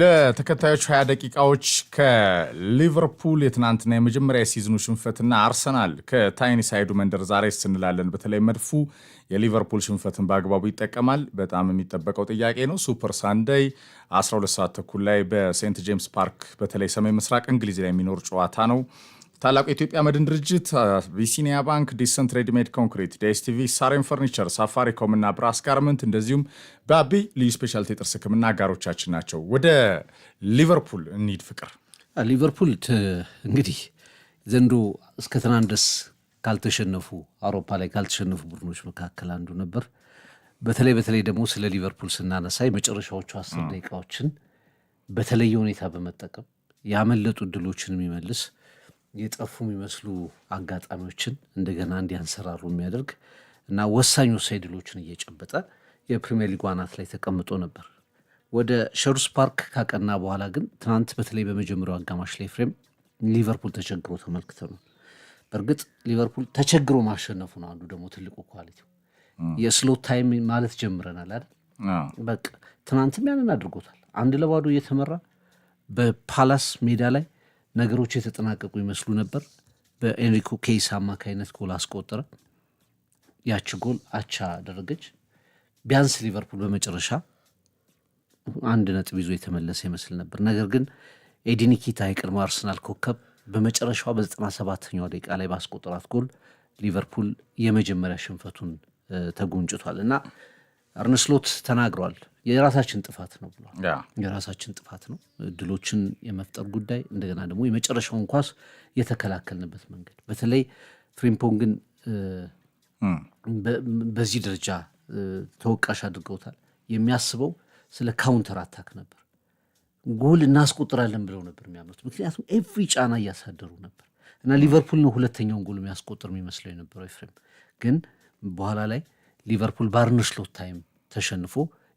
ለተከታዮች 20 ደቂቃዎች ከሊቨርፑል የትናንትና የመጀመሪያ የሲዝኑ ሽንፈትና አርሰናል ከታይኒ ሳይዱ መንደር ዛሬ ስንላለን። በተለይ መድፉ የሊቨርፑል ሽንፈትን በአግባቡ ይጠቀማል? በጣም የሚጠበቀው ጥያቄ ነው። ሱፐር ሳንደይ 12 ሰዓት ተኩል ላይ በሴንት ጄምስ ፓርክ በተለይ ሰሜን ምስራቅ እንግሊዝ ላይ የሚኖር ጨዋታ ነው። ታላቁ የኢትዮጵያ መድን ድርጅት፣ አቢሲኒያ ባንክ፣ ዲሰንት ሬዲሜድ ኮንክሪት፣ ዲኤስቲቪ፣ ሳሬን ፈርኒቸር፣ ሳፋሪኮም እና ብራስ ጋርመንት እንደዚሁም በአቢ ልዩ ስፔሻልቲ የጥርስ ሕክምና አጋሮቻችን ናቸው። ወደ ሊቨርፑል እንሂድ። ፍቅር ሊቨርፑል እንግዲህ ዘንዶ እስከ ትናንት ድረስ ካልተሸነፉ አውሮፓ ላይ ካልተሸነፉ ቡድኖች መካከል አንዱ ነበር። በተለይ በተለይ ደግሞ ስለ ሊቨርፑል ስናነሳ የመጨረሻዎቹ አስር ደቂቃዎችን በተለየ ሁኔታ በመጠቀም ያመለጡ እድሎችን የሚመልስ የጠፉ የሚመስሉ አጋጣሚዎችን እንደገና እንዲያንሰራሩ የሚያደርግ እና ወሳኝ ወሳኝ ድሎችን እየጨበጠ የፕሪሚየር ሊጉ አናት ላይ ተቀምጦ ነበር። ወደ ሸሩስ ፓርክ ካቀና በኋላ ግን ትናንት በተለይ በመጀመሪያው አጋማሽ ላይ ፍሬም ሊቨርፑል ተቸግሮ ነው። በእርግጥ ሊቨርፑል ተቸግሮ ማሸነፉ ነው አንዱ ደግሞ ትልቁ ኳሊቲ። የስሎ ታይም ማለት ጀምረናል አይደል? በቃ ትናንትም ያንን አድርጎታል። አንድ ለባዶ እየተመራ በፓላስ ሜዳ ላይ ነገሮች የተጠናቀቁ ይመስሉ ነበር። በኤንሪኮ ኬስ አማካይነት ጎል አስቆጠረ። ያቺ ጎል አቻ አደረገች። ቢያንስ ሊቨርፑል በመጨረሻ አንድ ነጥብ ይዞ የተመለሰ ይመስል ነበር። ነገር ግን ኤዲ ኒኪታ የቀድሞ አርሰናል ኮከብ በመጨረሻ በ 97 ደቂቃ ላይ ባስቆጠራት ጎል ሊቨርፑል የመጀመሪያ ሽንፈቱን ተጎንጭቷል እና አርነ ስሎት ተናግሯል። የራሳችን ጥፋት ነው ብሏል። የራሳችን ጥፋት ነው። እድሎችን የመፍጠር ጉዳይ እንደገና ደግሞ የመጨረሻውን ኳስ የተከላከልንበት መንገድ በተለይ ፍሪምፖንግን በዚህ ደረጃ ተወቃሽ አድርገውታል። የሚያስበው ስለ ካውንተር አታክ ነበር። ጎል እናስቆጥራለን ብለው ነበር የሚያምኑት፣ ምክንያቱም ኤቭሪ ጫና እያሳደሩ ነበር እና ሊቨርፑል ነው ሁለተኛውን ጎል የሚያስቆጥር የሚመስለው የነበረው ኤፍሬም። ግን በኋላ ላይ ሊቨርፑል በአርነ ታይም ተሸንፎ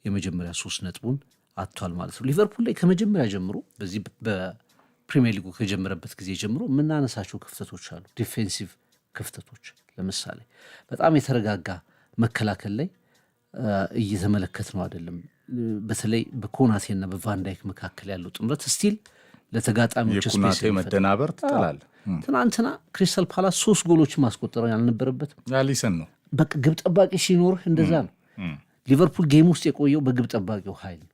የመጀመሪያ ሶስት ነጥቡን አጥቷል ማለት ነው። ሊቨርፑል ላይ ከመጀመሪያ ጀምሮ በዚህ በፕሪሚየር ሊጉ ከጀመረበት ጊዜ ጀምሮ የምናነሳቸው ክፍተቶች አሉ። ዲፌንሲቭ ክፍተቶች ለምሳሌ በጣም የተረጋጋ መከላከል ላይ እየተመለከት ነው አይደለም። በተለይ በኮናቴና በቫንዳይክ መካከል ያለው ጥምረት ስቲል ለተጋጣሚዎች ስፔስ መደናበር ትናንትና ክሪስታል ፓላስ ሶስት ጎሎችን ማስቆጠረው ያልነበረበት አሊሰን ነው በቃ ግብ ጠባቂ ሲኖርህ እንደዛ ነው። ሊቨርፑል ጌም ውስጥ የቆየው በግብ ጠባቂው ኃይል ነው።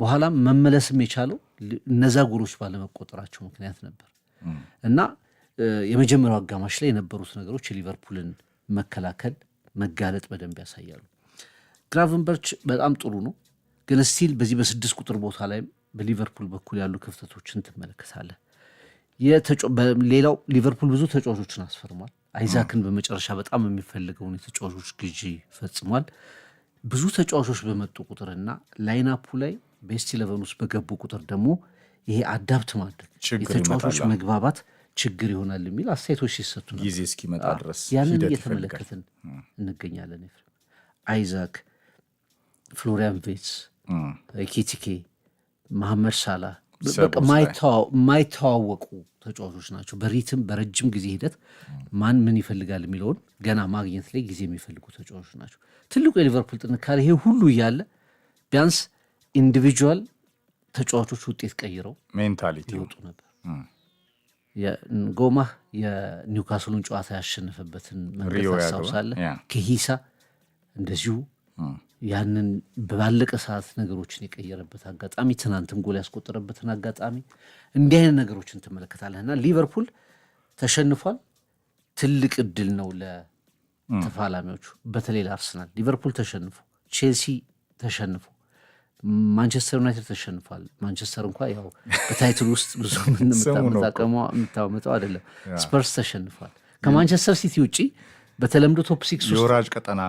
በኋላም መመለስም የቻለው እነዛ ጎሎች ባለመቆጠራቸው ምክንያት ነበር እና የመጀመሪያው አጋማሽ ላይ የነበሩት ነገሮች የሊቨርፑልን መከላከል መጋለጥ በደንብ ያሳያሉ። ግራቨንበርች በጣም ጥሩ ነው፣ ግን ስቲል በዚህ በስድስት ቁጥር ቦታ ላይም በሊቨርፑል በኩል ያሉ ክፍተቶችን ትመለከታለህ። ሌላው ሊቨርፑል ብዙ ተጫዋቾችን አስፈርሟል። አይዛክን በመጨረሻ በጣም የሚፈልገውን የተጫዋቾች ግዢ ፈጽሟል። ብዙ ተጫዋቾች በመጡ ቁጥርና ላይናፑ ላይ ቤስት ኢለቨን ውስጥ በገቡ ቁጥር ደግሞ ይሄ አዳፕት ማድረግ የተጫዋቾች መግባባት ችግር ይሆናል የሚል አስተያየቶች ሲሰጡ ጊዜ እስኪመጣ ድረስ ያንን እየተመለከትን እንገኛለን። አይዛክ፣ ፍሎሪያን ቬትስ፣ ኬቲኬ፣ መሐመድ ሳላ ማይተዋወቁ ተጫዋቾች ናቸው። በሪትም በረጅም ጊዜ ሂደት ማን ምን ይፈልጋል የሚለውን ገና ማግኘት ላይ ጊዜ የሚፈልጉ ተጫዋቾች ናቸው። ትልቁ የሊቨርፑል ጥንካሬ ይሄ ሁሉ እያለ ቢያንስ ኢንዲቪጁዋል ተጫዋቾች ውጤት ቀይረው ሜንታሊቲ ይወጡ ነበር። ጎማህ የኒውካስሉን ጨዋታ ያሸነፈበትን መንገድ ታስታውሳለህ። ከሂሳ እንደዚሁ ያንን በባለቀ ሰዓት ነገሮችን የቀየረበት አጋጣሚ፣ ትናንትም ጎል ያስቆጠረበትን አጋጣሚ እንዲህ አይነት ነገሮችን ትመለከታለህ እና ሊቨርፑል ተሸንፏል። ትልቅ እድል ነው ለ ተፋላሚዎቹ በተለይ ለአርሰናል ሊቨርፑል ተሸንፎ፣ ቼልሲ ተሸንፎ፣ ማንቸስተር ዩናይትድ ተሸንፏል። ማንቸስተር እንኳ ያው በታይትል ውስጥ ብዙ የምታመጠው አይደለም። ስፐርስ ተሸንፏል። ከማንቸስተር ሲቲ ውጪ በተለምዶ ቶፕ ሲክስ ውስጥ ቀጠና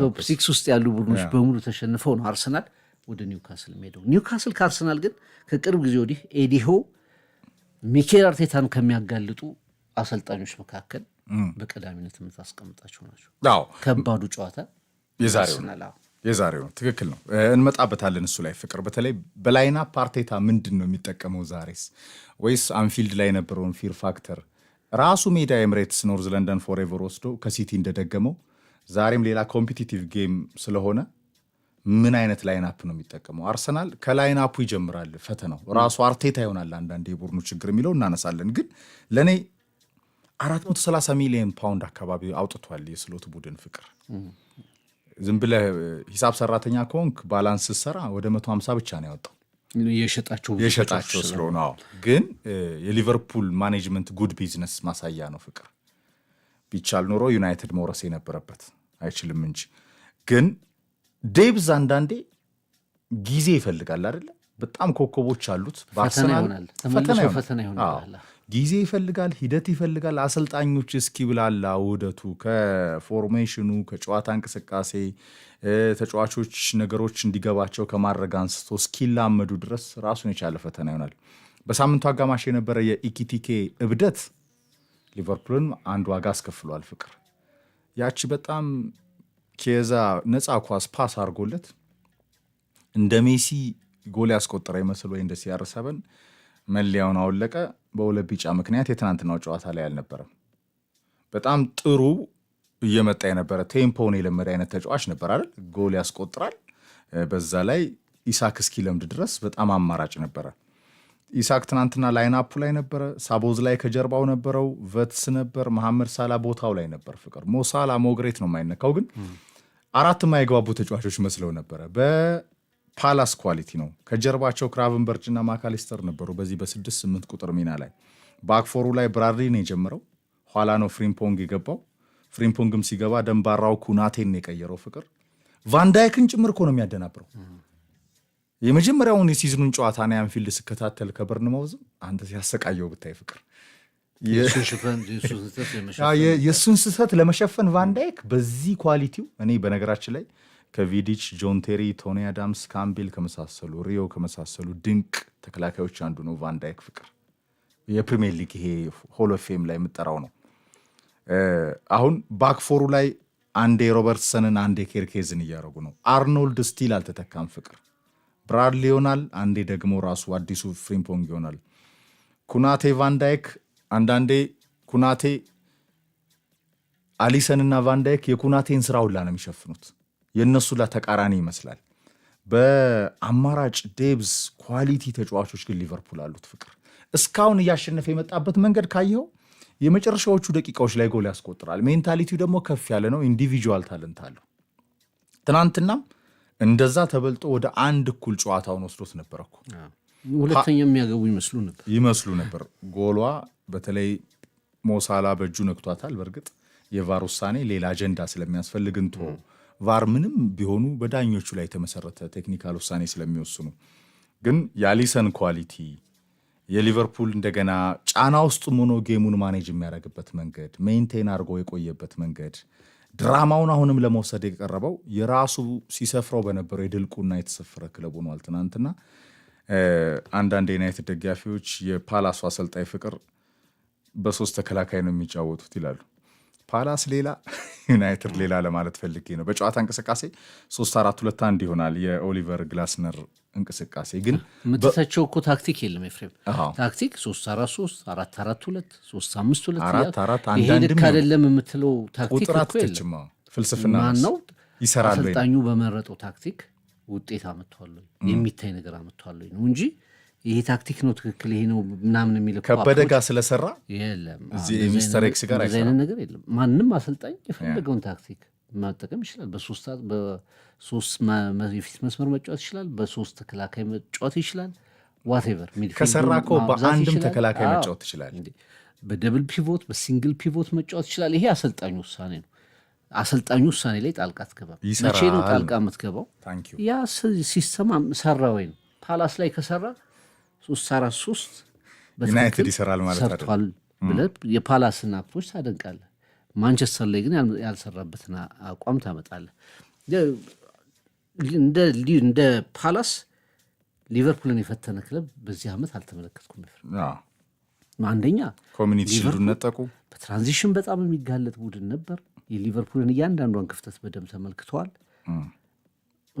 ቶፕ ሲክስ ውስጥ ያሉ ቡድኖች በሙሉ ተሸንፈው ነው አርሰናል ወደ ኒውካስል ሄደው። ኒውካስል ከአርሰናል ግን ከቅርብ ጊዜ ወዲህ ኤዲሆ ሚኬል አርቴታን ከሚያጋልጡ አሰልጣኞች መካከል በቀዳሚነት የምታስቀምጣቸው ናቸው። ከባዱ ጨዋታ የዛሬው የዛሬው ነው። ትክክል ነው። እንመጣበታለን እሱ ላይ ፍቅር። በተለይ በላይናፕ አርቴታ ምንድን ነው የሚጠቀመው ዛሬስ? ወይስ አንፊልድ ላይ የነበረውን ፊር ፋክተር ራሱ ሜዳ ኤምሬትስ ኖርዝ ለንደን ፎሬቨር ወስዶ ከሲቲ እንደደገመው ዛሬም ሌላ ኮምፒቲቲቭ ጌም ስለሆነ ምን አይነት ላይናፕ ነው የሚጠቀመው? አርሰናል ከላይናፑ ይጀምራል ፈተናው ራሱ አርቴታ ይሆናል። አንዳንድ የቡድኑ ችግር የሚለው እናነሳለን። ግን ለእኔ 430 ሚሊዮን ፓውንድ አካባቢ አውጥቷል የስሎት ቡድን ፍቅር። ዝም ብለ ሂሳብ ሰራተኛ ከሆንክ ባላንስ ስሰራ ወደ 150 ብቻ ነው ያወጣው የሸጣቸው ስለሆነ። ግን የሊቨርፑል ማኔጅመንት ጉድ ቢዝነስ ማሳያ ነው ፍቅር። ቢቻል ኖሮ ዩናይትድ መውረስ የነበረበት አይችልም እንጂ። ግን ዴብዝ አንዳንዴ ጊዜ ይፈልጋል አይደለ? በጣም ኮከቦች አሉት ፈተና ይሆናል። ጊዜ ይፈልጋል፣ ሂደት ይፈልጋል። አሰልጣኞች እስኪ ብላላ ውህደቱ ከፎርሜሽኑ ከጨዋታ እንቅስቃሴ ተጫዋቾች ነገሮች እንዲገባቸው ከማድረግ አንስቶ እስኪላመዱ ድረስ ራሱን የቻለ ፈተና ይሆናል። በሳምንቱ አጋማሽ የነበረ የኢኪቲኬ እብደት ሊቨርፑልን አንድ ዋጋ አስከፍሏል። ፍቅር ያቺ በጣም ኬዛ ነፃ ኳስ ፓስ አድርጎለት እንደ ሜሲ ጎል ያስቆጠረ ይመስል ወይ እንደ ሲያር ሰበን መለያውን አወለቀ። በሁለት ቢጫ ምክንያት የትናንትናው ጨዋታ ላይ አልነበረም። በጣም ጥሩ እየመጣ የነበረ ቴምፖውን የለመደ አይነት ተጫዋች ነበር አይደል? ጎል ያስቆጥራል። በዛ ላይ ኢሳክ እስኪ ለምድ ድረስ በጣም አማራጭ ነበረ። ኢሳክ ትናንትና ላይናፑ ላይ ነበረ፣ ሳቦዝ ላይ ከጀርባው ነበረው፣ ቨትስ ነበር፣ መሐመድ ሳላ ቦታው ላይ ነበር። ፍቅር ሞሳላ ሞግሬት ነው የማይነካው ግን አራት የማይግባቡ ተጫዋቾች መስለው ነበረ። ፓላስ ኳሊቲ ነው። ከጀርባቸው ክራቨንበርጅ እና ማካሊስተር ነበሩ በዚህ በስድስት ስምንት ቁጥር ሚና ላይ። ባክፎሩ ላይ ብራድሊ ነው የጀመረው። ኋላ ነው ፍሪምፖንግ የገባው። ፍሪምፖንግም ሲገባ ደንባራው ኩናቴን የቀየረው ፍቅር ቫንዳይክን ጭምር እኮ ነው የሚያደናብረው። የመጀመሪያውን የሲዝኑን ጨዋታ ና ያንፊልድ ስከታተል ከበርንማውዝም አንተ ሲያሰቃየው ብታይ ፍቅር የእሱን ስህተት ለመሸፈን ቫንዳይክ በዚህ ኳሊቲው እኔ በነገራችን ላይ ከቪዲች፣ ጆን ቴሪ፣ ቶኒ አዳምስ፣ ካምቢል ከመሳሰሉ ሪዮ ከመሳሰሉ ድንቅ ተከላካዮች አንዱ ነው ቫንዳይክ ፍቅር። የፕሪሚየር ሊግ ይሄ ሆሎ ፌም ላይ የምጠራው ነው። አሁን ባክፎሩ ላይ አንዴ ሮበርትሰንን አንዴ ኬርኬዝን እያደረጉ ነው። አርኖልድ ስቲል አልተተካም ፍቅር ብራድሊ ይሆናል። አንዴ ደግሞ ራሱ አዲሱ ፍሪምፖንግ ይሆናል። ኩናቴ ቫንዳይክ አንዳንዴ ኩናቴ አሊሰንና ቫንዳይክ የኩናቴን ስራ ሁላ ነው የሚሸፍኑት። የእነሱ ላ ተቃራኒ ይመስላል። በአማራጭ ዴብዝ ኳሊቲ ተጫዋቾች ግን ሊቨርፑል አሉት ፍቅር እስካሁን እያሸነፈ የመጣበት መንገድ ካየው የመጨረሻዎቹ ደቂቃዎች ላይ ጎል ያስቆጥራል። ሜንታሊቲው ደግሞ ከፍ ያለ ነው። ኢንዲቪጁዋል ታለንት አለው። ትናንትናም እንደዛ ተበልጦ ወደ አንድ እኩል ጨዋታውን ወስዶት ነበር እኮ ሁለተኛ የሚያገቡ ይመስሉ ነበር ይመስሉ ነበር። ጎሏ በተለይ ሞሳላ በእጁ ነክቷታል። በእርግጥ የቫር ውሳኔ ሌላ አጀንዳ ስለሚያስፈልግ እንትሆ ቫር ምንም ቢሆኑ በዳኞቹ ላይ የተመሰረተ ቴክኒካል ውሳኔ ስለሚወስኑ ግን የአሊሰን ኳሊቲ የሊቨርፑል እንደገና ጫና ውስጥ ሆኖ ጌሙን ማኔጅ የሚያደርግበት መንገድ ሜንቴን አድርጎ የቆየበት መንገድ ድራማውን አሁንም ለመውሰድ የቀረበው የራሱ ሲሰፍረው በነበረው የድልቁና የተሰፈረ ክለብ ሆኗል። ትናንትና አንዳንድ የዩናይትድ ደጋፊዎች የፓላሱ አሰልጣኝ ፍቅር በሶስት ተከላካይ ነው የሚጫወቱት ይላሉ። ፓላስ ሌላ ዩናይትድ ሌላ ለማለት ፈልጌ ነው። በጨዋታ እንቅስቃሴ ሶስት አራት ሁለት አንድ ይሆናል የኦሊቨር ግላስነር እንቅስቃሴ። ግን የምትተቸው እኮ ታክቲክ የለም ፍሬም ታክቲክ ሶስት አራት ሶስት አራት አራት ሁለት ሶስት አምስት ሁለት አራት አራት ልክ አይደለም የምትለው ታክቲክ እኮ የለም። ፍልስፍና ነው። ይሰራል አሰልጣኙ በመረጠው ታክቲክ ውጤት አመጥቷል፣ የሚታይ ነገር አመጥቷል ነው እንጂ ይሄ ታክቲክ ነው ትክክል፣ ይሄ ነው ምናምን የሚል ከበደ ጋር ስለሰራ የለም ሚስተር ኤክስ ጋር አይነት ነገር የለም። ማንም አሰልጣኝ የፈለገውን ታክቲክ መጠቀም ይችላል። በሶስት የፊት መስመር መጫወት ይችላል። በሶስት ተከላካይ መጫወት ይችላል። ዋቴቨር ከሰራ እኮ በአንድም ተከላካይ መጫወት ይችላል። በደብል ፒቮት፣ በሲንግል ፒቮት መጫወት ይችላል። ይሄ አሰልጣኙ ውሳኔ ነው። አሰልጣኙ ውሳኔ ላይ ጣልቃ ትገባ። መቼ ነው ጣልቃ የምትገባው? ያ ሲስተም ሰራ ወይ ነው ፓላስ ላይ ከሰራ ሶስት አራት ሶስት ዩናይትድ ይሰራል ማለት ሰርቷል ብለህ የፓላስን አፕሮች ታደንቃለህ። ማንቸስተር ላይ ግን ያልሰራበትን አቋም ታመጣለህ። እንደ ፓላስ ሊቨርፑልን የፈተነ ክለብ በዚህ ዓመት አልተመለከትኩም። አንደኛ ኮሚኒቲ ሽልዱን ነጠቁ። በትራንዚሽን በጣም የሚጋለጥ ቡድን ነበር። የሊቨርፑልን እያንዳንዷን ክፍተት በደንብ ተመልክተዋል።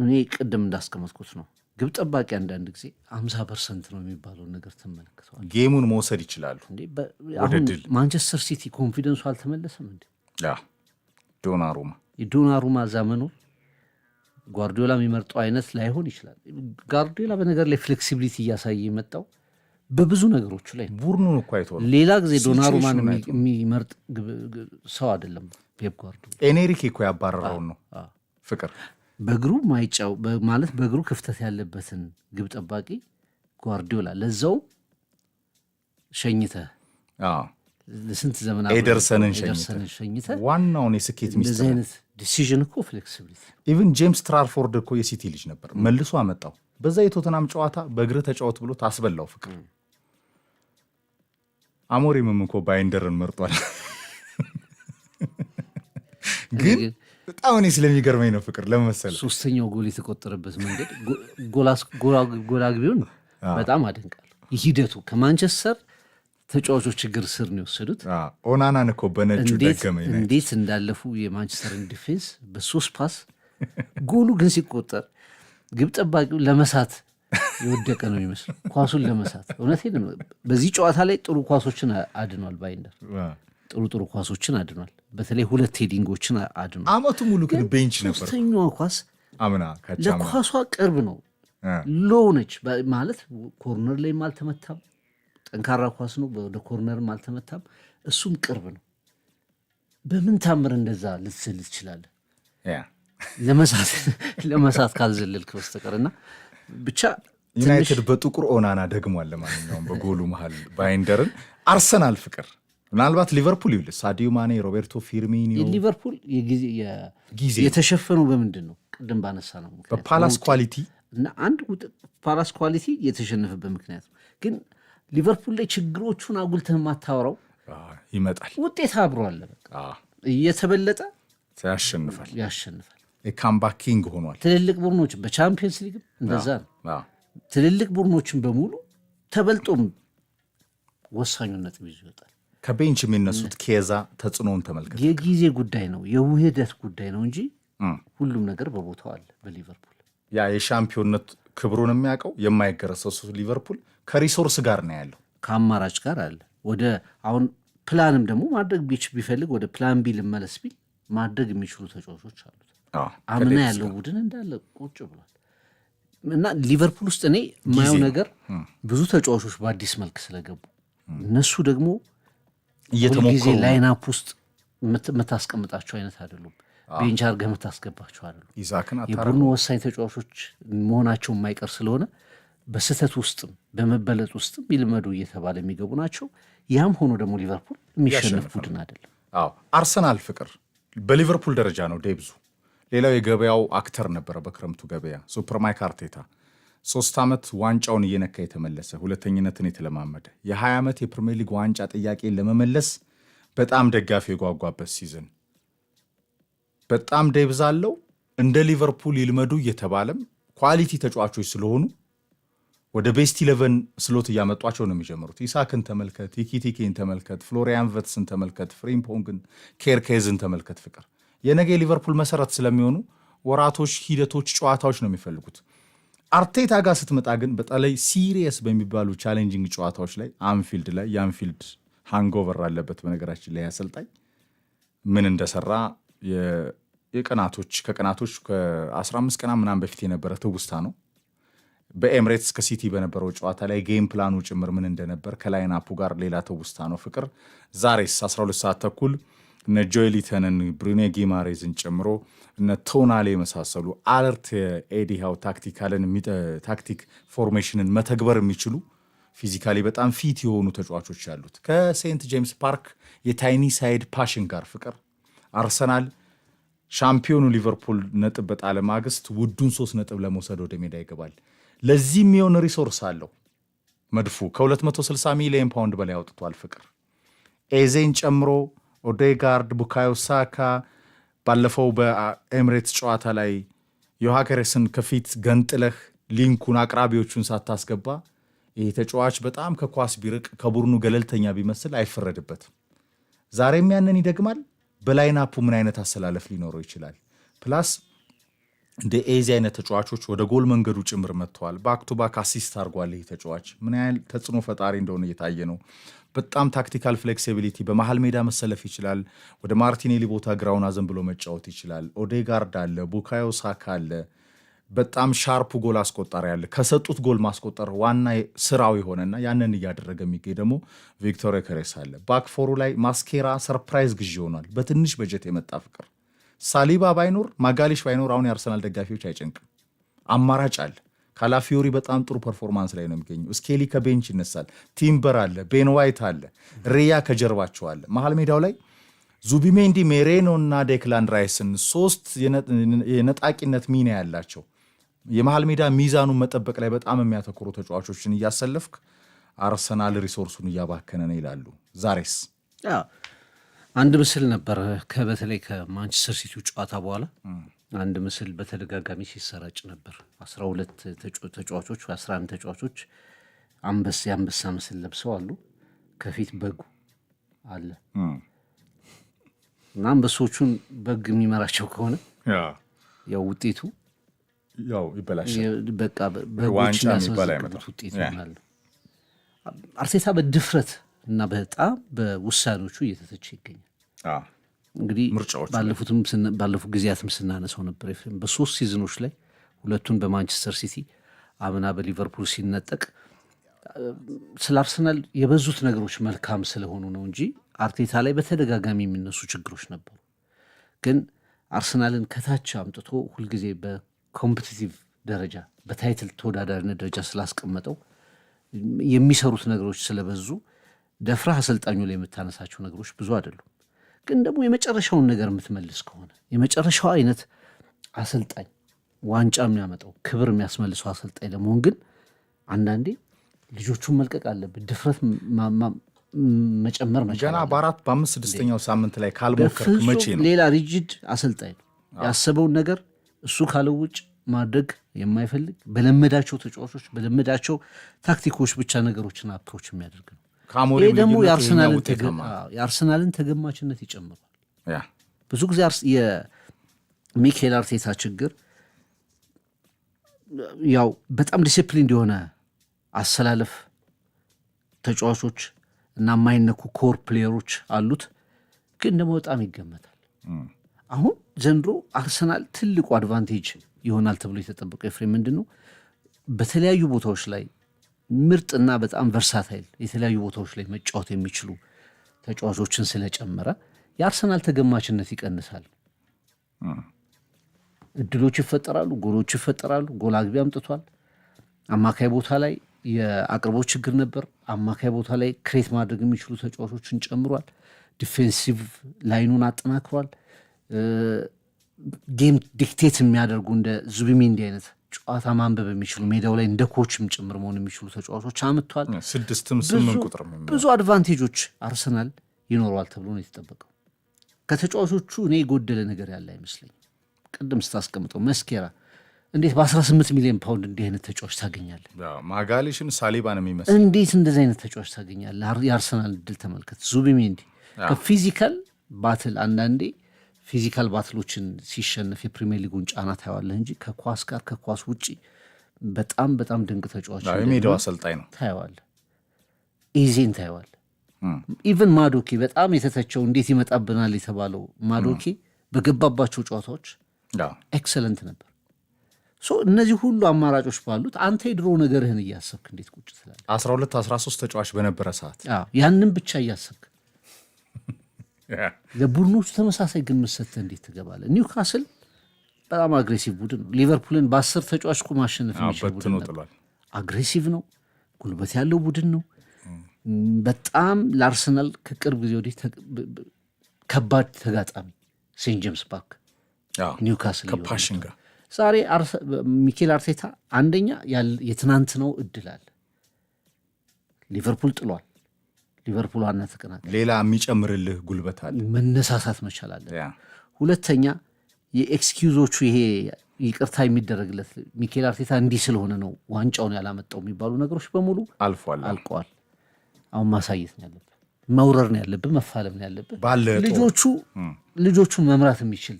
እኔ ቅድም እንዳስቀመጥኩት ነው ግብ ጠባቂ አንዳንድ ጊዜ አምሳ ፐርሰንት ነው የሚባለውን ነገር ትመለከተዋል። ጌሙን መውሰድ ይችላሉ። ማንቸስተር ሲቲ ኮንፊደንሱ አልተመለሰም እንዴ? ዶናሩማ የዶናሩማ እዛ መኖር ጓርዲዮላ የሚመርጠው አይነት ላይሆን ይችላል። ጓርዲዮላ በነገር ላይ ፍሌክሲቢሊቲ እያሳየ የመጣው በብዙ ነገሮቹ ላይ ቡድኑን እኮ አይቶ ሌላ ጊዜ ዶናሩማን የሚመርጥ ሰው አይደለም ፔፕ ጓርዲዮላ። ኤኔሪኬ እኮ ያባረረውን ነው ፍቅር በእግሩ ማይጫው ማለት በእግሩ ክፍተት ያለበትን ግብ ጠባቂ ጓርዲዮላ ለዛው ሸኝተ ስንት ዘመን ኤደርሰንን ሸኝተ ዋናውን የስኬት ሚስጥር አይነት ዲሲዥን እኮ ፍሌክሲቢሊቲ። ኢቭን ጄምስ ትራርፎርድ እኮ የሲቲ ልጅ ነበር፣ መልሶ አመጣው። በዛ የቶተናም ጨዋታ በእግር ተጫወት ብሎ ታስበላው ፍቅር። አሞሪምም እኮ ባይንደርን መርጧል ግን በጣም እኔ ስለሚገርመኝ ነው ፍቅር ለመሰለህ። ሶስተኛው ጎል የተቆጠረበት መንገድ ጎላግቢውን በጣም አደንቃለሁ። ሂደቱ ከማንቸስተር ተጫዋቾች እግር ስር ነው የወሰዱት። ኦናናን እኮ በነጩ ደገመኝ። እንዴት እንዳለፉ የማንቸስተርን ዲፌንስ በሶስት ፓስ። ጎሉ ግን ሲቆጠር ግብ ጠባቂው ለመሳት የወደቀ ነው የሚመስለው ኳሱን ለመሳት። እውነቴን በዚህ ጨዋታ ላይ ጥሩ ኳሶችን አድኗል ባይንደር ጥሩ ጥሩ ኳሶችን አድኗል። በተለይ ሁለት ሄዲንጎችን አድኗል። አመቱ ሙሉ ግን ቤንች ነበር። ሶስተኛዋ ኳስ ለኳሷ ቅርብ ነው፣ ሎው ነች ማለት ኮርነር ላይም አልተመታም። ጠንካራ ኳስ ነው፣ ወደ ኮርነርም አልተመታም። እሱም ቅርብ ነው። በምን ታምር እንደዛ ልትስል ትችላለህ? ለመሳት ካልዘለልክ በስተቀር እና ብቻ ዩናይትድ በጥቁር ኦናና ደግሟል። ለማንኛውም በጎሉ መሀል ባይንደርን አርሰናል ፍቅር ምናልባት ሊቨርፑል ይብል ሳዲዮ ማኔ፣ ሮቤርቶ ፊርሚኒዮ ሊቨርፑል ጊዜ የተሸፈነው በምንድን ነው? ቅድም ባነሳ ነው በፓላስ ኳሊቲ እና አንድ ፓላስ ኳሊቲ የተሸነፈበት ምክንያት ነው። ግን ሊቨርፑል ላይ ችግሮቹን አጉልተህ የማታወራው ይመጣል። ውጤት አብሮ አለ። በቃ እየተበለጠ ያሸንፋል ያሸንፋል። የካምባኪንግ ሆኗል። ትልልቅ ቡድኖችን በቻምፒየንስ ሊግም እንደዛ ነው። ትልልቅ ቡድኖችን በሙሉ ተበልጦም ወሳኙ ነጥብ ይዞ ይወጣል። ከቤንች የሚነሱት ኬዛ ተጽዕኖውን ተመልከት። የጊዜ ጉዳይ ነው፣ የውህደት ጉዳይ ነው እንጂ ሁሉም ነገር በቦታው አለ። በሊቨርፑል ያ የሻምፒዮንነት ክብሩን የሚያውቀው የማይገረሰሱ ሊቨርፑል ከሪሶርስ ጋር ነው ያለው፣ ከአማራጭ ጋር አለ። ወደ አሁን ፕላንም ደግሞ ማድረግ ቢፈልግ ወደ ፕላን ቢ ልመለስ ቢል ማድረግ የሚችሉ ተጫዋቾች አሉት። አምና ያለው ቡድን እንዳለ ቁጭ ብሏል እና ሊቨርፑል ውስጥ እኔ ማየው ነገር ብዙ ተጫዋቾች በአዲስ መልክ ስለገቡ እነሱ ደግሞ ሁልጊዜ ላይናፕ ውስጥ የምታስቀምጣቸው አይነት አይደሉም። ቤንች አድርገህ የምታስገባቸው አይደሉ። የቡድኑ ወሳኝ ተጫዋቾች መሆናቸው የማይቀር ስለሆነ በስህተት ውስጥም በመበለጥ ውስጥም ይልመዱ እየተባለ የሚገቡ ናቸው። ያም ሆኖ ደግሞ ሊቨርፑል የሚሸነፍ ቡድን አይደለም። አዎ አርሰናል ፍቅር በሊቨርፑል ደረጃ ነው ዴብዙ። ሌላው የገበያው አክተር ነበረ በክረምቱ ገበያ ሱፐር ማይክ አርቴታ ሶስት ዓመት ዋንጫውን እየነካ የተመለሰ ሁለተኝነትን የተለማመደ የ20 ዓመት የፕሪምየር ሊግ ዋንጫ ጥያቄ ለመመለስ በጣም ደጋፊ የጓጓበት ሲዝን በጣም ደብዝ አለው። እንደ ሊቨርፑል ይልመዱ እየተባለም ኳሊቲ ተጫዋቾች ስለሆኑ ወደ ቤስት ኢለቨን ስሎት እያመጧቸው ነው የሚጀምሩት። ኢሳክን ተመልከት፣ ኢኪቲኬን ተመልከት፣ ፍሎሪያን ቨትስን ተመልከት፣ ፍሪምፖንግን፣ ኬርኬዝን ተመልከት። ፍቅር የነገ የሊቨርፑል መሰረት ስለሚሆኑ ወራቶች፣ ሂደቶች፣ ጨዋታዎች ነው የሚፈልጉት። አርቴታ ጋር ስትመጣ ግን በተለይ ሲሪየስ በሚባሉ ቻሌንጂንግ ጨዋታዎች ላይ አንፊልድ ላይ የአንፊልድ ሃንጎቨር አለበት። በነገራችን ላይ አሰልጣኝ ምን እንደሰራ የቀናቶች ከቀናቶች ከ15 ቀና ምናምን በፊት የነበረ ትውስታ ነው። በኤምሬትስ ከሲቲ በነበረው ጨዋታ ላይ ጌም ፕላኑ ጭምር ምን እንደነበር ከላይን አፑ ጋር ሌላ ትውስታ ነው። ፍቅር ዛሬስ 12 ሰዓት ተኩል እነ ጆኤሊተንን ብሩኔ ጊማሬዝን ጨምሮ እነ ቶናሌ የመሳሰሉ አለርት ኤዲሃው ታክቲካልን ታክቲክ ፎርሜሽንን መተግበር የሚችሉ ፊዚካሊ በጣም ፊት የሆኑ ተጫዋቾች ያሉት ከሴንት ጄምስ ፓርክ የታይኒ ሳይድ ፓሽን ጋር ፍቅር አርሰናል ሻምፒዮኑ ሊቨርፑል ነጥብ በጣለ ማግስት ውዱን ሶስት ነጥብ ለመውሰድ ወደ ሜዳ ይገባል። ለዚህ የሚሆን ሪሶርስ አለው መድፉ ከ260 ሚሊዮን ፓውንድ በላይ አውጥቷል። ፍቅር ኤዜን ጨምሮ ኦዴጋርድ፣ ቡካዮ ሳካ ባለፈው በኤምሬትስ ጨዋታ ላይ የሃከሬስን ከፊት ገንጥለህ ሊንኩን አቅራቢዎቹን ሳታስገባ ይህ ተጫዋች በጣም ከኳስ ቢርቅ ከቡድኑ ገለልተኛ ቢመስል አይፈረድበትም። ዛሬም ያንን ይደግማል። በላይናፑ ምን አይነት አሰላለፍ ሊኖረው ይችላል? ፕላስ እንደ ኤዚ አይነት ተጫዋቾች ወደ ጎል መንገዱ ጭምር መጥተዋል። ባክቱባክ አሲስት አድርጓል። ይህ ተጫዋች ምን ያህል ተጽዕኖ ፈጣሪ እንደሆነ እየታየ ነው። በጣም ታክቲካል ፍሌክሲቢሊቲ በመሀል ሜዳ መሰለፍ ይችላል። ወደ ማርቲኔሊ ቦታ ግራውን አዘን ብሎ መጫወት ይችላል። ኦዴጋርድ አለ፣ ቡካዮ ሳካ አለ። በጣም ሻርፑ ጎል አስቆጣሪ ያለ ከሰጡት ጎል ማስቆጠር ዋና ስራው የሆነና ያንን እያደረገ የሚገኝ ደግሞ ቪክቶር ዮኬሬስ አለ። ባክፎሩ ላይ ማስኬራ ሰርፕራይዝ ግዢ ሆኗል። በትንሽ በጀት የመጣ ፍቅር። ሳሊባ ባይኖር ማጋሊሽ ባይኖር አሁን የአርሰናል ደጋፊዎች አይጨንቅም። አማራጭ አለ። ካላፊዮሪ በጣም ጥሩ ፐርፎርማንስ ላይ ነው የሚገኘው። ስኬሊ ከቤንች ይነሳል። ቲምበር አለ፣ ቤን ዋይት አለ፣ ሪያ ከጀርባቸው አለ። መሀል ሜዳው ላይ ዙቢሜንዲ፣ ሜሬኖ እና ዴክላን ራይስን ሶስት የነጣቂነት ሚና ያላቸው የመሀል ሜዳ ሚዛኑን መጠበቅ ላይ በጣም የሚያተኩሩ ተጫዋቾችን እያሰለፍክ አርሰናል ሪሶርሱን እያባከነ ነው ይላሉ። ዛሬስ አንድ ምስል ነበር በተለይ ከማንቸስተር ሲቲው ጨዋታ በኋላ አንድ ምስል በተደጋጋሚ ሲሰራጭ ነበር አስራ ሁለት ተጫዋቾች አስራ አንድ ተጫዋቾች አንበሳ የአንበሳ ምስል ለብሰው አሉ። ከፊት በጉ አለ እና አንበሶቹን በግ የሚመራቸው ከሆነ ያው ውጤቱ ያው ይበላሻል። በቃ በጎች ያስመዘግቡት ውጤት ይሆናሉ። አርቴታ በድፍረት እና በጣም በውሳኔዎቹ እየተተቸ ይገኛል። እንግዲህ ባለፉት ጊዜያትም ስናነሰው ነበር በሶስት ሲዝኖች ላይ ሁለቱን በማንቸስተር ሲቲ አምና በሊቨርፑል ሲነጠቅ ስለ አርሰናል የበዙት ነገሮች መልካም ስለሆኑ ነው እንጂ አርቴታ ላይ በተደጋጋሚ የሚነሱ ችግሮች ነበሩ። ግን አርሰናልን ከታች አምጥቶ ሁልጊዜ በኮምፕቲቲቭ ደረጃ በታይትል ተወዳዳሪነት ደረጃ ስላስቀመጠው የሚሰሩት ነገሮች ስለበዙ ደፍራህ አሰልጣኙ ላይ የምታነሳቸው ነገሮች ብዙ አይደሉም። ግን ደግሞ የመጨረሻውን ነገር የምትመልስ ከሆነ የመጨረሻው አይነት አሰልጣኝ ዋንጫ የሚያመጣው ክብር የሚያስመልሰው አሰልጣኝ ለመሆን ግን አንዳንዴ ልጆቹን መልቀቅ አለብን። ድፍረት መጨመር ገና በአራት በአምስት ስድስተኛው ሳምንት ላይ ካልሞከርክ መቼ ነው? ሌላ ሪጅድ አሰልጣኝ ያሰበውን ነገር እሱ ካለው ውጭ ማድረግ የማይፈልግ በለመዳቸው ተጫዋቾች በለመዳቸው ታክቲኮች ብቻ ነገሮችን አፕሮች የሚያደርግ ነው። ደግሞ የአርሰናልን ተገማችነት ይጨምሯል። ብዙ ጊዜ የሚካኤል አርቴታ ችግር ያው በጣም ዲሲፕሊን የሆነ አሰላለፍ ተጫዋቾች እና የማይነኩ ኮር ፕሌየሮች አሉት። ግን ደግሞ በጣም ይገመታል። አሁን ዘንድሮ አርሰናል ትልቁ አድቫንቴጅ ይሆናል ተብሎ የተጠበቀው ፍሬ ምንድን ነው? በተለያዩ ቦታዎች ላይ ምርጥና በጣም ቨርሳታይል የተለያዩ ቦታዎች ላይ መጫወት የሚችሉ ተጫዋቾችን ስለጨመረ የአርሰናል ተገማችነት ይቀንሳል። እድሎች ይፈጠራሉ፣ ጎሎች ይፈጠራሉ። ጎል አግቢ አምጥቷል። አማካይ ቦታ ላይ የአቅርቦት ችግር ነበር። አማካይ ቦታ ላይ ክሬት ማድረግ የሚችሉ ተጫዋቾችን ጨምሯል። ዲፌንሲቭ ላይኑን አጠናክሯል። ጌም ዲክቴት የሚያደርጉ እንደ ዙቢሜንዲ አይነት ጨዋታ ማንበብ የሚችሉ ሜዳው ላይ እንደ ኮችም ጭምር መሆን የሚችሉ ተጫዋቾች አምጥቷል። ስድስትም ስምንት ቁጥር ብዙ አድቫንቴጆች አርሰናል ይኖረዋል ተብሎ ነው የተጠበቀው። ከተጫዋቾቹ እኔ የጎደለ ነገር ያለ አይመስለኝም። ቅድም ስታስቀምጠው መስኬራ እንዴት በ18 ሚሊዮን ፓውንድ እንዲህ አይነት ተጫዋች ታገኛለ? ማጋሌሽን ሳሊባ ነው የሚመስል። እንዴት እንደዚህ አይነት ተጫዋች ታገኛለ የአርሰናል ድል ተመልከት። ዙቢሜንዲ ከፊዚካል ባትል አንዳንዴ ፊዚካል ባትሎችን ሲሸነፍ የፕሪሚየር ሊጉን ጫና ታየዋለህ እንጂ ከኳስ ጋር ከኳስ ውጭ በጣም በጣም ድንቅ ተጫዋች የሜዳው አሰልጣኝ ነው ታየዋለህ። ኢዜን ታየዋለህ። ኢቨን ማዶኬ በጣም የተተቸው እንዴት ይመጣብናል የተባለው ማዶኬ በገባባቸው ጨዋታዎች ኤክሰለንት ነበር። እነዚህ ሁሉ አማራጮች ባሉት አንተ የድሮ ነገርህን እያሰብክ እንዴት ቁጭ ትላለህ? 12 13 ተጫዋች በነበረ ሰዓት ያንን ብቻ እያሰብክ ለቡድኖቹ ተመሳሳይ ግምት ሰጥተህ እንዴት ትገባለህ? ኒውካስል በጣም አግሬሲቭ ቡድን ነው። ሊቨርፑልን በአስር ተጫዋች እኮ ማሸነፍ የሚችል አግሬሲቭ ነው። ጉልበት ያለው ቡድን ነው። በጣም ለአርሰናል ከቅርብ ጊዜ ወዲህ ከባድ ተጋጣሚ ሴንት ጄምስ ፓርክ ኒውካስል ከፓሽን ጋር ዛሬ ሚኬል አርቴታ አንደኛ የትናንት ነው እድል አለ። ሊቨርፑል ጥሏል። ሊቨርፑል ዋና ተቀናቃኝ ሌላ የሚጨምርልህ ጉልበት አለ። መነሳሳት መቻል አለ። ሁለተኛ የኤክስኪውዞቹ ይሄ ይቅርታ የሚደረግለት ሚኬል አርቴታ እንዲህ ስለሆነ ነው ዋንጫውን ያላመጣው የሚባሉ ነገሮች በሙሉ አልፏል፣ አልቀዋል። አሁን ማሳየት ነው ያለብህ፣ መውረር ነው ያለብህ፣ መፋለም ነው ያለብህ። ልጆቹ ልጆቹን መምራት የሚችል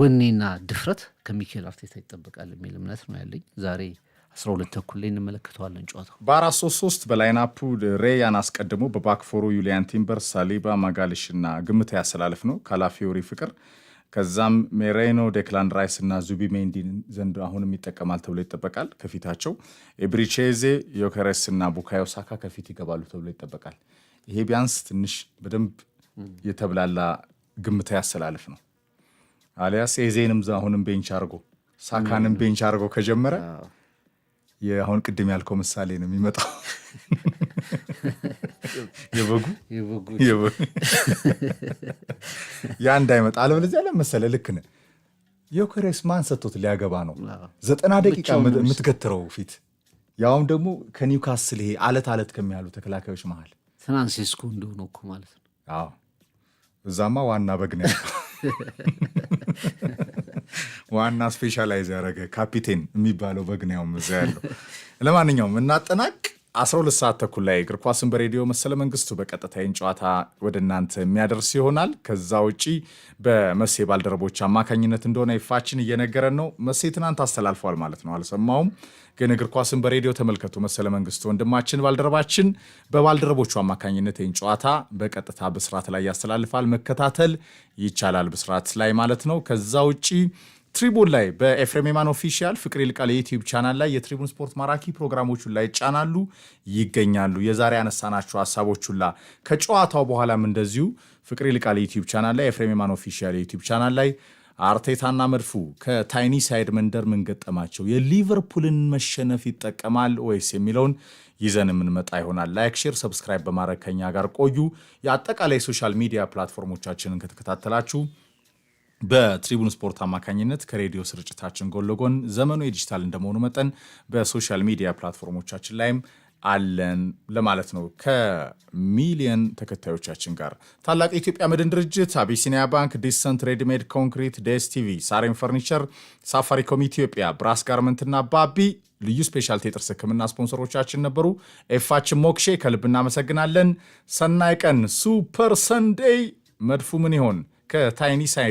ወኔና ድፍረት ከሚካኤል አርቴታ ይጠበቃል የሚል እምነት ነው ያለኝ። ዛሬ 12 ተኩል ላይ እንመለከተዋለን ጨዋታ በአራት ሶስት ሶስት በላይናፑ ሬያን አስቀድሞ በባክፎሩ ዩሊያን ቲምበር፣ ሳሊባ፣ ማጋልሽ እና ግምት ያሰላልፍ ነው ካላፊዮሪ ፍቅር ከዛም ሜሬኖ ዴክላን ራይስ እና ዙቢ ሜንዲ ዘንድ አሁንም ይጠቀማል ተብሎ ይጠበቃል። ከፊታቸው ኤብሪቼዜ ዮከረስ እና ቡካዮ ሳካ ከፊት ይገባሉ ተብሎ ይጠበቃል። ይሄ ቢያንስ ትንሽ በደንብ የተብላላ ግምታ ያሰላልፍ ነው። አሊያስ ኤዜንም አሁንም ቤንች አርጎ ሳካንም ቤንች አድርጎ ከጀመረ አሁን ቅድም ያልከው ምሳሌ ነው የሚመጣው። የበጉ ያ እንዳይመጣ አለበለዚያ ልክ ነህ። ዮኬሬስ ማን ሰጥቶት ሊያገባ ነው? ዘጠና ደቂቃ የምትገትረው ፊት ያውም ደግሞ ከኒውካስል ይሄ አለት አለት ከሚያሉ ተከላካዮች መሀል ፍራንሲስኮ እንደሆነ እኮ ማለት ነው። አዎ እዛማ ዋና በግ ነው። ዋና ስፔሻላይዝ ያደረገ ካፒቴን የሚባለው በግ ነው ያለው። ለማንኛውም እናጠናቅ 12 ሰዓት ተኩል ላይ እግር ኳስን በሬዲዮ መሰለ መንግስቱ በቀጥታ ይህን ጨዋታ ወደ እናንተ የሚያደርስ ይሆናል። ከዛ ውጪ በመሴ ባልደረቦች አማካኝነት እንደሆነ ይፋችን እየነገረን ነው። መሴ ትናንት አስተላልፏል ማለት ነው። አልሰማውም፣ ግን እግር ኳስን በሬዲዮ ተመልከቱ። መሰለ መንግስቱ ወንድማችን ባልደረባችን በባልደረቦቹ አማካኝነት ይህን ጨዋታ በቀጥታ ብስራት ላይ ያስተላልፋል። መከታተል ይቻላል ብስራት ላይ ማለት ነው። ከዛ ውጪ ትሪቡን ላይ በኤፍሬም የማን ኦፊሻል ፍቅር ይልቃል የዩቲዩብ ቻናል ላይ የትሪቡን ስፖርት ማራኪ ፕሮግራሞቹን ላይ ጫናሉ ይገኛሉ። የዛሬ ያነሳናቸው ሀሳቦቹላ ከጨዋታው በኋላም እንደዚሁ ፍቅር ይልቃል የዩቲዩብ ቻናል ላይ ኤፍሬም ኦፊሻል የዩቲዩብ ቻናል ላይ አርቴታና መድፉ ከታይኒ ሳይድ መንደር ምን ገጠማቸው? የሊቨርፑልን መሸነፍ ይጠቀማል ወይስ የሚለውን ይዘን የምንመጣ ይሆናል። ላይክ፣ ሼር፣ ሰብስክራይብ በማድረግ ከኛ ጋር ቆዩ። የአጠቃላይ ሶሻል ሚዲያ ፕላትፎርሞቻችንን ከተከታተላችሁ በትሪቡን ስፖርት አማካኝነት ከሬዲዮ ስርጭታችን ጎን ለጎን ዘመኑ የዲጂታል እንደመሆኑ መጠን በሶሻል ሚዲያ ፕላትፎርሞቻችን ላይም አለን ለማለት ነው። ከሚሊየን ተከታዮቻችን ጋር ታላቅ የኢትዮጵያ መድን ድርጅት፣ አቢሲኒያ ባንክ፣ ዲሰንት ሬዲሜድ ኮንክሪት፣ ዴስ ቲቪ፣ ሳሬን ፈርኒቸር፣ ሳፋሪኮም ኢትዮጵያ፣ ብራስ ጋርመንትና ባቢ ልዩ ስፔሻልቲ የጥርስ ሕክምና ስፖንሰሮቻችን ነበሩ። ኤፋችን ሞክሼ ከልብ እናመሰግናለን። ሰናይ ቀን። ሱፐር ሰንዴይ መድፉ ምን ይሆን ከታይኒ ሳይ